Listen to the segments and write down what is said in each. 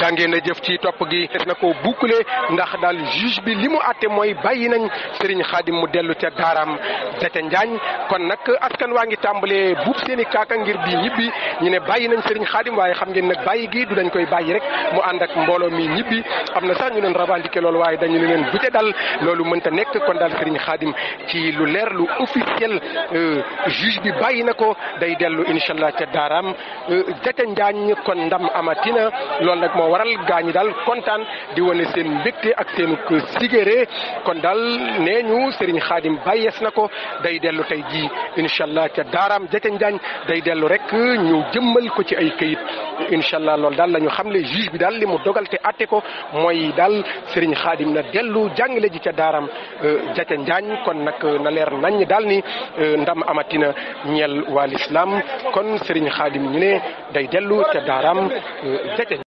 jàngee na jëf ci topp gi def na ko boucler ndax daal juge bi li mu àtte mooy bàyyi nañ Serigne Khadim mu dellu ca daaraam Dete Njaañ kon nag askan waa ngi tàmbalee buub seen i kaaka ngir di ñibbi ñu ne bàyyi nañ Serigne Khadim waaye xam ngeen nag bàyyi gi dañ koy bàyyi rek mu ànd ak mbooloo mi ñibbi am na sax ñu doon revendiquer loolu waaye dañu leen bu ca loolu mënta nekk kon daal Serigne Khadim ci lu leer lu officiel euh, juge bi bàyyi na ko day dellu incha allah ca daaraam Dete euh, Njaañ kon ndam amatina loolu nag moo waral gaa ñi daal kontaan di wane seen mbégte ak seenu sigéré kon daal nee ñu Serigne Khadim bàyyees na ko day dellu tey jii incha allah ca daaraam jëca njaañ day dellu rek ñu jëmmal ko ci ay këyit incha allah loolu daal la ñu xam le juge bi daal li moo dogal te atte ko mooy daal Serigne Khadim na dellu jàngale ji ca daaraam euh, jëca njaañ kon nag euh, na leer nañ daal ni euh, ndam amatina ñeel waa lislaam kon Serigne Khadim ñu ne day dellu ca daram jëca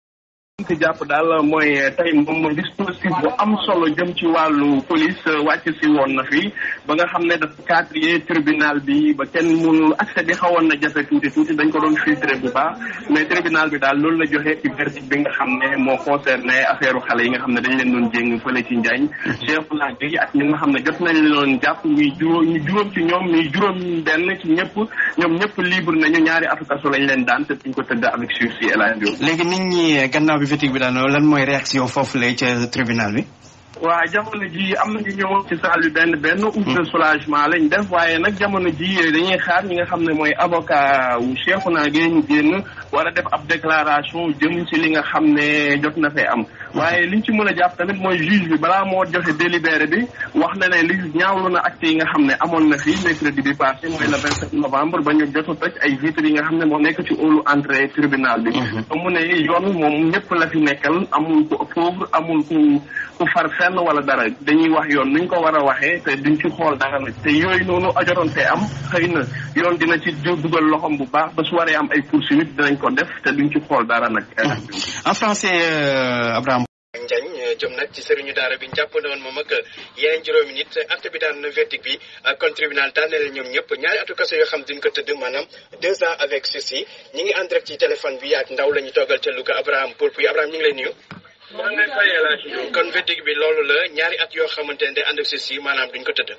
si jàpp daal mooy eh, tey moom dispositif bu am solo jëm ci wàllu police eh, wàcc si woon na fi ba nga xam ne dafa cadre tribunal bi ba kenn mënul accès bi xawoon na jafe tuuti tuuti dañ ko doon filtré bu baax mais tribunal bi daal loolu la joxe ci bi nga xam ne moo concerné affaire xale yi nga xam ne dañ leen doon jéng fële ci Njaañ chef naa bi ak ñi nga xam ne jot nañ leen jàpp muy juróom ñu juróom ci ñoom muy juróom benn ci ñëpp ñoom ñëpp libre nañu ñaari avocat lañ leen daan te duñ ko tëdd avec sursis politique bi daal lan mooy réaction foofu lay ca tribunal bi. waaw jamono ji am na ñu ñëwoon ci saal benn benn août de soulagement lañ def waaye nag jamono ji dañuy xaar ñi nga xam ne mooy avocat wu Cheikhouna Gaye ñu génn war a def ab déclaration jëm ci li nga xam ne jot na fe am. waaye liñ ci mën a jàpp tamit mooy juge bi balaa moo joxe délibéré bi wax la ne li ñaawlu na acte yi nga xam ne amoon na fii mercredi bi passé mooy le vingt sept novembre ba ñu jot a toj ay vitres yi nga xam ne moo nekk ci óolu entrée tribunal bi mhm. mu ne yoon moom ñëpp la fi nekkal amul ko pauvre amul ku ku far fenn wala dara dañuy wax yoon nuñ ko war a waxee te duñ ci xool dara nag te yooyu noonu ajotoon te am xëy na yoon dina ci dugal loxoom bu baax ba su waree am ay poursuite dinañ ko def te duñ ci xool dara nag mhm. en euh, jëm nag ci sëriñu daara bi ñu jàppale woon moom ak yeneen juróomi nit acte bi daan na verdict bi kon tribunal daan ñoom ñëpp ñaari atu kaso yoo xam duñ ko tëdd maanaam duñ ko tëdd.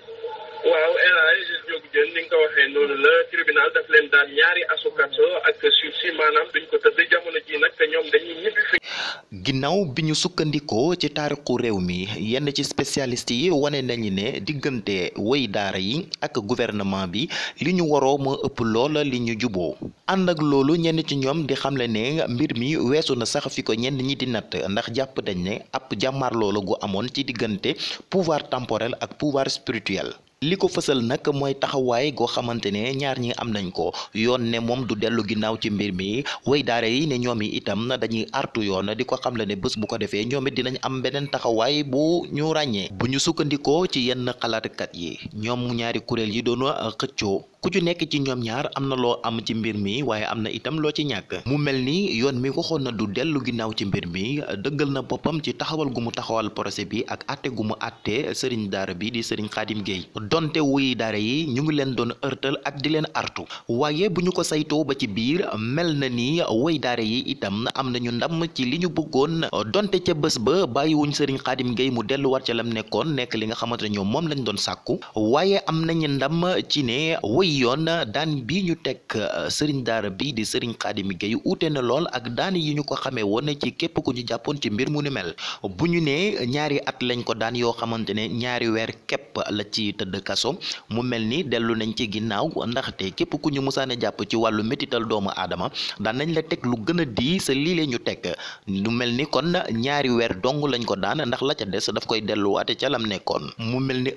waaw El Hadj Diop Dieng ni nga waxee noonu la tribunal daf leen daan ñaari asukaso ak sursis maanaam duñ ko tëdd ginnaaw bi ñu sukkandikoo ci taarixu réew mi yenn ci spécialiste yi wane nañu ne diggante woy daara yi ak gouvernement bi li ñu waroo moo ëpp loola li ñu juboo ànd ak loolu ñenn ci ñoom di xamle ne mbir mi weesu na sax fi ko ñenn ñi di natt ndax jàpp dañ ne ab jàmmaar loola gu amoon ci diggante pouvoir temporel ak pouvoir spirituel li ko fësal nag mooy taxawaay goo xamante ne ñaar ñi am nañ ko yoon ne moom du dellu ginnaaw ci mbir mi way daare yi ne ñoom yi itam na dañuy artu yoon di ko xam la ne bés bu ko defee ñoom dinañ am beneen taxawaay bu ñu ràññee bu ñu sukkandikoo ci yenn xalaatkat yi ñoom ñaari kuréel yi doon xëccoo ku ci nekk ci ñoom ñaar am na loo am ci mbir mi waaye am na itam loo ci ñàkk mu mel ni yoon mi waxoon na du dellu ginnaaw ci mbir mi dëggal na boppam ci taxawal gu mu taxawal procès bi ak àtte gu mu àtte sëriñ daara bi di sëriñ Xaadim géey donte wuy daara yi ñu ngi leen doon ërtal ak di leen artu waaye bu ñu ko saytoo ba ci biir mel na ni woy daara yi itam am nañu ndam ci li ñu bëggoon donte ca bés ba bàyyiwuñ sëriñ Xaadim Guèye mu delluwaat ca lam nekkoon nekk li nga xamante ne ñoom moom lañ doon sàkku yoon daan bi ñu teg euh, sëriñ daara bi di sëriñ Xaadim Gueye uute na lool ak daan yi ñu ko xamee woon ci képp ku ñu jàppoon ci mbir mu ni mel bu ñu nee ñaari at lañ ko daan yoo xamante ne ñaari weer képp la ci tëdd kaso mu mel ni dellu nañ ci ginnaaw ndaxte képp ku ñu musaane jàpp ci wàllu métital doomu aadama daan nañ la teg lu gën a sa lii la ñu teg mu mel ni kon ñaari weer dong lañ ko daan ndax la ca des daf koy delluwaate ca lam nekkoon mu mel ni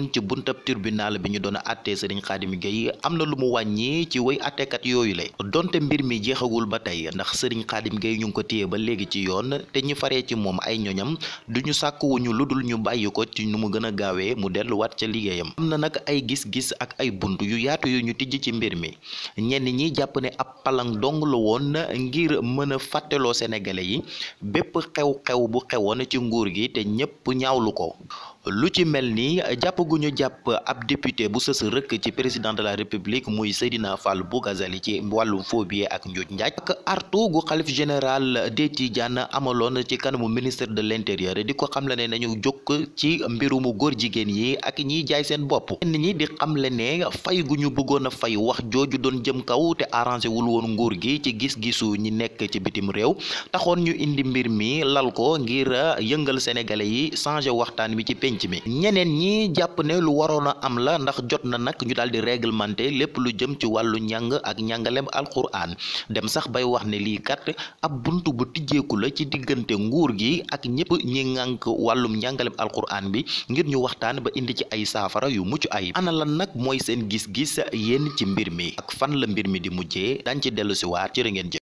woon bunt buntab tribunal bi ñu doon àttee Serigne Khadim Gueye am na lu mu wàññi ci way àtteekat yooyu la donte mbir mi jeexagul ba tey ndax Serigne Khadim Gueye ñu ngi ko téye ba léegi ci yoon te ñi faree ci moom ay ñoñam du ñu sàkk sàkkuwuñu lu dul ñu bàyyi ko ci nu mu gën a gaawee mu delluwaat ca liggéeyam am na nag ay gis-gis ak ay bunt yu yaatu yu ñu tijj ci mbir mi ñenn ñi jàpp ne ab palang dong la woon ngir mën a fàtteloo sénégalais yi bépp xew-xew bu xewoon ci nguur gi te ñépp ñaawlu ko lu ci mel ni jàpp gu ñu jàpp ab député bu sës rëkk ci président de la république muy Seydina Fall Bougazali ci wàllum phobie ak njuuj njaaj ak artu gu xalif général des Tidianes amaloon ci kanamu ministre de l'intérieur di ko xamle ne nañu jóg ci mbirumu góor jigéen yi ak ñiy jaay seen bopp ñenn ñi di xamle ne fay gu ñu bëggoon a fay wax jooju doon jëm kaw te arrangé wul woon nguur gi ci gis-gisu ñi nekk ci bitim réew taxoon ñu indi mbir mi lal ko ngir yëngal sénégalais yi penc mi ñeneen ñi jàpp ne lu waroon a am la ndax jot na nag ñu daal di réglementé lépp lu jëm ci wàllu njàng ak njàngalem alquran dem sax bay wax ne lii kat ab bunt bu tijjeeku la ci diggante nguur gi ak ñëpp ñi ngànk wàllum njàngalem alquran bi ngir ñu waxtaan ba indi ci ay saafara yu mucc ay anala lan nag mooy seen gis-gis yéen ci mbir mi ak fan la mbir mi di mujjee dañ ci dellu si waat jërë ngeen jëf